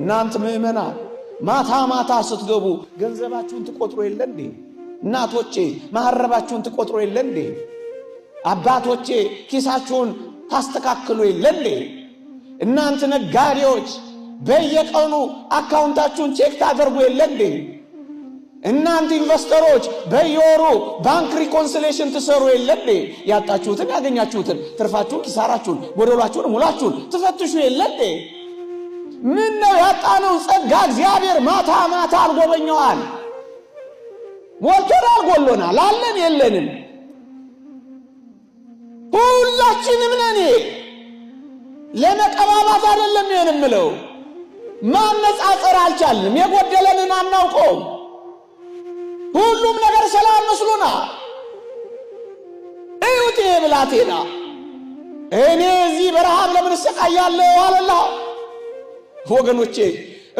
እናንት ምእመና ማታ ማታ ስትገቡ ገንዘባችሁን ትቆጥሮ የለ እንዴ? እናቶቼ ማዕረባችሁን ትቆጥሮ የለ እንዴ? አባቶቼ ኪሳችሁን ታስተካክሉ የለ እንዴ? እናንት ነጋዴዎች በየቀኑ አካውንታችሁን ቼክ ታደርጉ የለ እንዴ? እናንት ኢንቨስተሮች በየወሩ ባንክ ሪኮንሲሌሽን ትሰሩ የለ እንዴ? ያጣችሁትን ያገኛችሁትን ትርፋችሁን፣ ኪሳራችሁን፣ ጎደሏችሁን፣ ሙላችሁን ትፈትሹ የለ እንዴ? ምን ነው ያጣነው ጸጋ እግዚአብሔር ማታ ማታ አልጎበኘዋል። ሞልቶናል፣ ጎሎናል፣ አለን የለንም፣ ሁላችንም ነን። ለመቀባባት አይደለም ይሄን የምለው፣ ማነጻጸር አልቻልንም። የጎደለንን አናውቀውም። ሁሉም ነገር ሰላም መስሎና እዩት ብላቴና እኔ እዚህ በረሃብ ለምን እሰቃያለሁ አለላ ወገኖቼ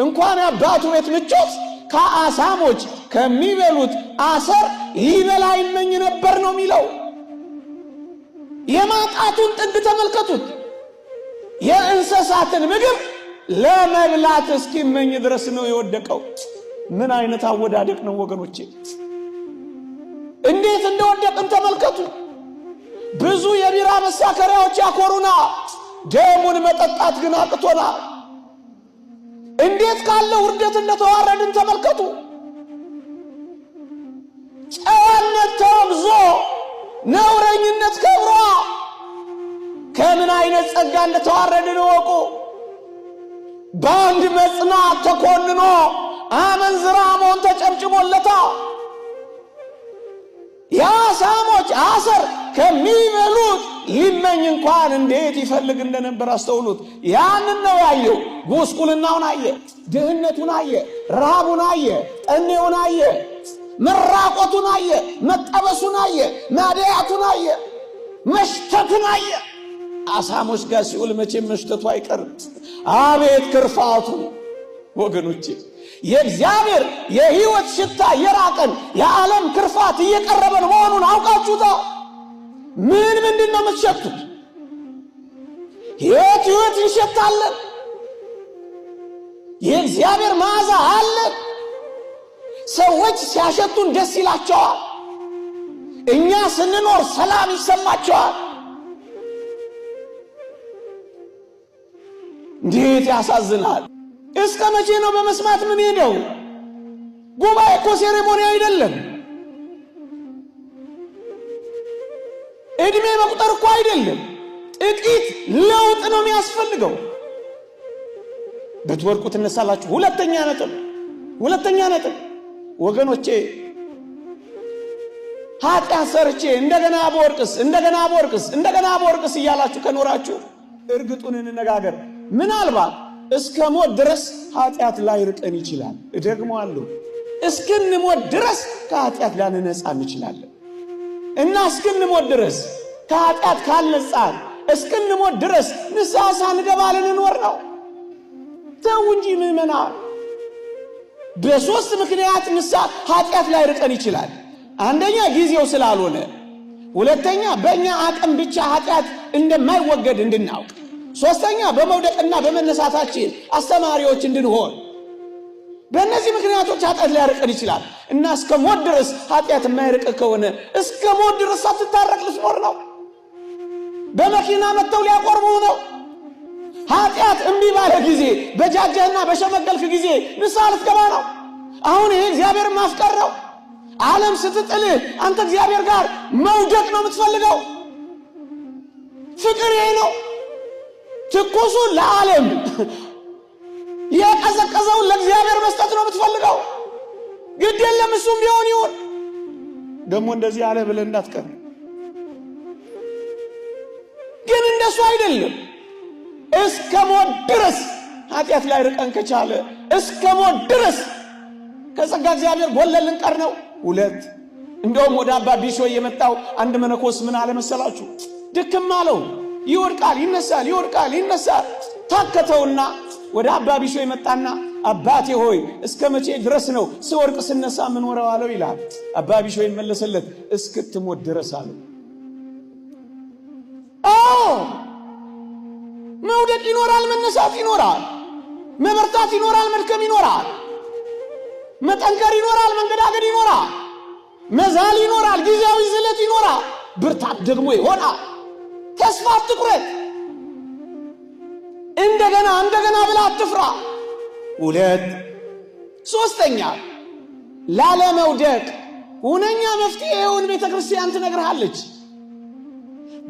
እንኳን አባቱ ቤት ምቾት ከአሳሞች ከሚበሉት አሰር ይበላ ይመኝ ነበር ነው የሚለው። የማጣቱን ጥግ ተመልከቱት። የእንስሳትን ምግብ ለመብላት እስኪመኝ ድረስ ነው የወደቀው። ምን አይነት አወዳደቅ ነው ወገኖቼ! እንዴት እንደወደቅን ተመልከቱ። ብዙ የቢራ መሳከሪያዎች ያኮሩና ደሙን መጠጣት ግን አቅቶናል። እንዴት ካለ ውርደት እንደተዋረድን ተመልከቱ። ጨዋነት ተወግዞ ነውረኝነት ከብሯ ከምን አይነት ጸጋ እንደተዋረድን እወቁ። በአንድ መጽናት ተኮንኖ አመንዝራ መሆን ተጨብጭቦለታል። የአሳሞች አሰር ከሚበሉት ይመኝ እንኳን እንዴት ይፈልግ እንደነበር አስተውሉት። ያንን ነው ያየው። ጎስቁልናውን አየ፣ ድህነቱን አየ፣ ረሃቡን አየ፣ ጠኔውን አየ፣ መራቆቱን አየ፣ መጠበሱን አየ፣ ማደያቱን አየ፣ መሽተቱን አየ። አሳሞች ጋር ሲውል መቼም መሽተቱ አይቀርም። አቤት ክርፋቱ ወገኖቼ የእግዚአብሔር የህይወት ሽታ የራቀን የዓለም ክርፋት እየቀረበን መሆኑን አውቃችሁታ። ምን ምንድን ነው የምትሸቱት? ሕይወት ሕይወት እንሸታለን። የእግዚአብሔር መዓዛ አለን። ሰዎች ሲያሸቱን ደስ ይላቸዋል። እኛ ስንኖር ሰላም ይሰማቸዋል። እንዴት ያሳዝናል! እስከ መቼ ነው በመስማት ምን ሄደው? ጉባኤ እኮ ሴሬሞኒ አይደለም። እድሜ መቁጠር እኮ አይደለም፣ ጥቂት ለውጥ ነው የሚያስፈልገው። ብትወድቁ ትነሳላችሁ። ሁለተኛ ነጥብ ሁለተኛ ነጥብ ወገኖቼ ኃጢአት ሰርቼ እንደገና በወርቅስ እንደገና በወርቅስ እንደገና በወርቅስ እያላችሁ ከኖራችሁ እርግጡን እንነጋገር፣ ምናልባት እስከ ሞት ድረስ ኃጢአት ላይርቀን ይችላል። እደግመዋለሁ፣ እስክንሞት ድረስ ከኃጢአት ላንነጻ እንችላለን። እና እስክንሞት ድረስ ከኃጢአት ካልነጻን እስክንሞት ድረስ ንስሐ ሳንገባ ልንኖር ነው። ተው እንጂ ምዕመናን። በሦስት ምክንያት ንስሐ ኃጢአት ርቀን ይችላል። አንደኛ ጊዜው ስላልሆነ፣ ሁለተኛ በእኛ አቅም ብቻ ኃጢአት እንደማይወገድ እንድናውቅ፣ ሦስተኛ በመውደቅና በመነሳታችን አስተማሪዎች እንድንሆን በእነዚህ ምክንያቶች ኃጢአት ሊያርቀን ይችላል እና እስከ ሞት ድረስ ኃጢአት የማይርቅ ከሆነ እስከ ሞት ድረስ ሳትታረቅ ልትኖር ነው። በመኪና መጥተው ሊያቆርቡ ነው። ኃጢአት እምቢ ባለ ጊዜ፣ በጃጀህና በሸመገልክ ጊዜ ንስሐ ልትገባ ነው። አሁን ይሄ እግዚአብሔር ማፍቀር ነው። ዓለም ስትጥልህ አንተ እግዚአብሔር ጋር መውደቅ ነው የምትፈልገው። ፍቅር ይሄ ነው ትኩሱ ለዓለም የቀዘቀዘውን ለእግዚአብሔር መስጠት ነው የምትፈልገው። ግድ የለም እሱም ቢሆን ይሁን። ደግሞ እንደዚህ አለ ብለን እንዳትቀር። ግን እንደሱ አይደለም። እስከ ሞት ድረስ ኃጢአት ላይ ርቀን ከቻለ እስከ ሞት ድረስ ከጸጋ እግዚአብሔር ጎለን ልንቀር ነው። ሁለት እንደውም ወደ አባ ቢሾ የመጣው አንድ መነኮስ ምን አለመሰላችሁ? ድክም አለው። ይወድቃል፣ ይነሳል፣ ይወድቃል፣ ይነሳል። ታከተውና ወደ አባ ቢሾ የመጣና አባቴ ሆይ እስከ መቼ ድረስ ነው ስወድቅ ስነሳ ምኖረው አለው ይላል። አባ ቢሾ ይመለሰለት እስክትሞት ድረስ አለው። አዎ መውደቅ ይኖራል፣ መነሳት ይኖራል፣ መበርታት ይኖራል፣ መድከም ይኖራል፣ መጠንከር ይኖራል፣ መንገዳገድ ይኖራል፣ መዛል ይኖራል፣ ጊዜያዊ ዝለት ይኖራል፣ ብርታት ደግሞ ይሆናል። ተስፋ ትኩረት! እንደገና እንደገና ብላ አትፍራ። ሁለት ሶስተኛ ላለመውደቅ ሁነኛ መፍትሄውን ቤተ ክርስቲያን ትነግርሃለች።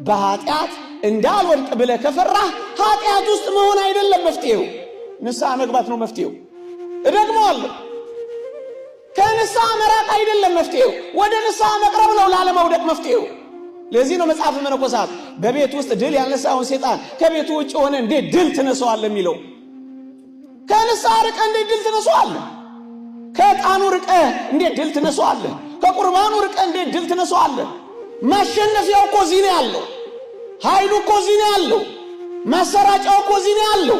በኃጢአት እንዳልወድቅ ብለ ከፈራህ ኃጢአት ውስጥ መሆን አይደለም መፍትሄው፣ ንስሐ መግባት ነው መፍትሄው። እደግመዋለሁ፣ ከንስሐ መራቅ አይደለም መፍትሄው፣ ወደ ንስሐ መቅረብ ነው ላለመውደቅ መፍትሄው። ለዚህ ነው መጽሐፍ መነኮሳት በቤት ውስጥ ድል ያልነሳውን ሴጣን ከቤቱ ውጭ ሆነ እንዴት ድል ትነሰዋለህ? የሚለው ከንስሐ ርቀ እንዴት ድል ትነሰዋለህ? ከዕጣኑ ርቀ እንዴት ድል ትነሰዋለህ? ከቁርባኑ ርቀ እንዴት ድል ትነሰዋለህ? ማሸነፊያው እኮ እዚህ ነው ያለው። ኃይሉ እኮ እዚህ ነው ያለው። ማሰራጫው እኮ እዚህ ነው ያለው።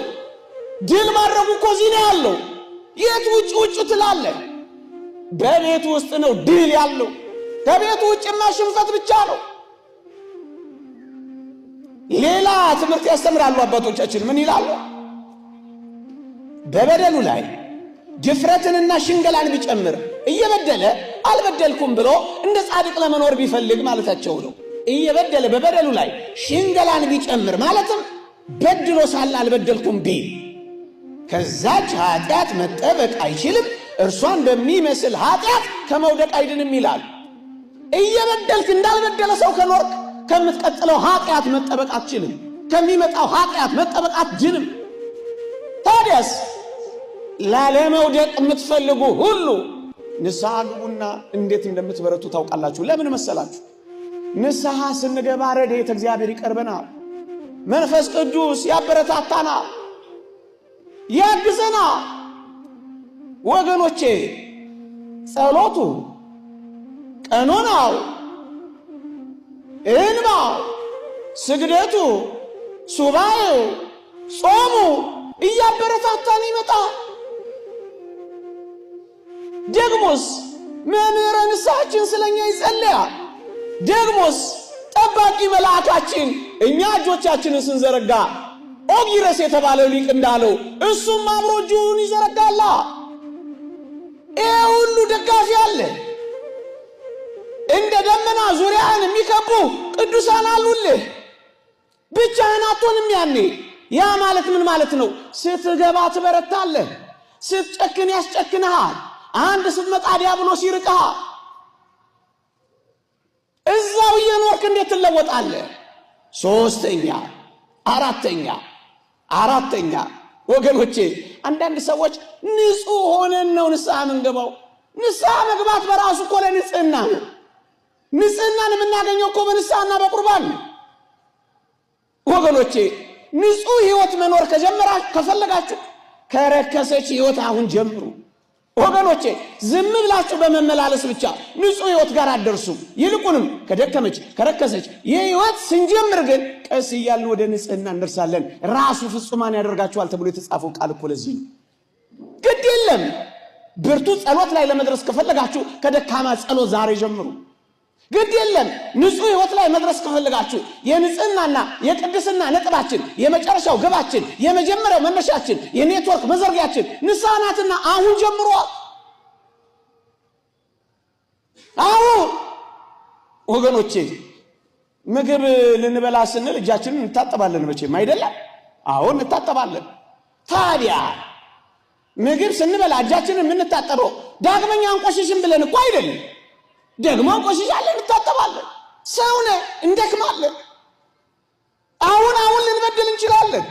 ድል ማድረጉ እኮ እዚህ ነው ያለው። የት ውጭ ውጭ ትላለህ? በቤት ውስጥ ነው ድል ያለው። ከቤቱ ውጭማ ሽንፈት ብቻ ነው። ሌላ ትምህርት ያስተምራሉ አባቶቻችን። ምን ይላሉ? በበደሉ ላይ ድፍረትንና ሽንገላን ቢጨምር እየበደለ አልበደልኩም ብሎ እንደ ጻድቅ ለመኖር ቢፈልግ ማለታቸው ነው። እየበደለ በበደሉ ላይ ሽንገላን ቢጨምር ማለትም በድሎ ሳለ አልበደልኩም ቢል ከዛች ኃጢአት መጠበቅ አይችልም፣ እርሷን በሚመስል ኃጢአት ከመውደቅ አይድንም ይላል። እየበደልክ እንዳልበደለ ሰው ከኖርክ ከምትቀጥለው ኃጢአት መጠበቅ አትችልም። ከሚመጣው ኃጢአት መጠበቅ አትችልም። ታዲያስ ላለመውደቅ የምትፈልጉ ሁሉ ንስሐ ግቡና እንዴት እንደምትበረቱ ታውቃላችሁ። ለምን መሰላችሁ? ንስሐ ስንገባ ረድኤተ እግዚአብሔር ይቀርበናል። መንፈስ ቅዱስ ያበረታታናል፣ ያግዘናል። ወገኖቼ ጸሎቱ ቀኖናው እንባው፣ ስግደቱ፣ ሱባኤው፣ ጾሙ እያበረታታን ይመጣ። ደግሞስ መምህረ ንስሐችን ስለኛ ይጸለያል። ደግሞስ ጠባቂ መልአካችን እኛ እጆቻችንን ስንዘረጋ ኦጊረስ የተባለው ሊቅ እንዳለው እሱም አብሮ እጁን ይዘረጋላ። ይሄ ሁሉ ደጋፊ አለ። እንደ ደመና ዙሪያን የሚከቡ ቅዱሳን አሉልህ። ብቻህን አትሆንም። ያኔ ያ ማለት ምን ማለት ነው? ስትገባ ትበረታለህ፣ ስትጨክን ያስጨክንሃል። አንድ ስትመጣ ዲያብሎስ ይርቅሃል። እዛው እየኖርክ እንዴት ትለወጣለህ? ሶስተኛ አራተኛ አራተኛ ወገኖቼ አንዳንድ ሰዎች ንጹህ ሆነን ነው ንስሐ ምንገባው። ንስሐ መግባት በራሱ እኮ ለንጽህና ነው። ንጽህናን የምናገኘው እኮ በንስሐና በቁርባን ወገኖቼ። ንጹህ ህይወት መኖር ከጀመራ ከፈለጋችሁ ከረከሰች ህይወት አሁን ጀምሩ ወገኖቼ። ዝም ብላችሁ በመመላለስ ብቻ ንጹህ ህይወት ጋር አደርሱ። ይልቁንም ከደከመች ከረከሰች ይህ ህይወት ስንጀምር ግን ቀስ እያልን ወደ ንጽህና እንደርሳለን። ራሱ ፍጹማን ያደርጋችኋል ተብሎ የተጻፈው ቃል እኮ ለዚህ ነው። ግድ የለም ብርቱ ጸሎት ላይ ለመድረስ ከፈለጋችሁ ከደካማ ጸሎት ዛሬ ጀምሩ። ግድ የለም። ንጹህ ህይወት ላይ መድረስ ከፈልጋችሁ የንጽህናና የቅድስና ነጥባችን የመጨረሻው ግባችን የመጀመሪያው መነሻችን የኔትወርክ መዘርጊያችን ንስሐ ናትና አሁን ጀምሮ አሁን ወገኖቼ ምግብ ልንበላ ስንል እጃችንን እንታጠባለን። መቼም አይደለም። አሁን እንታጠባለን። ታዲያ ምግብ ስንበላ እጃችንን የምንታጠበው ዳግመኛ አንቆሽሽም ብለን እኮ አይደለም። ደግሞ ቆሽሻለን፣ እንታጠባለን፣ ሰውነ እንደክማለን። አሁን አሁን ልንበድል እንችላለን።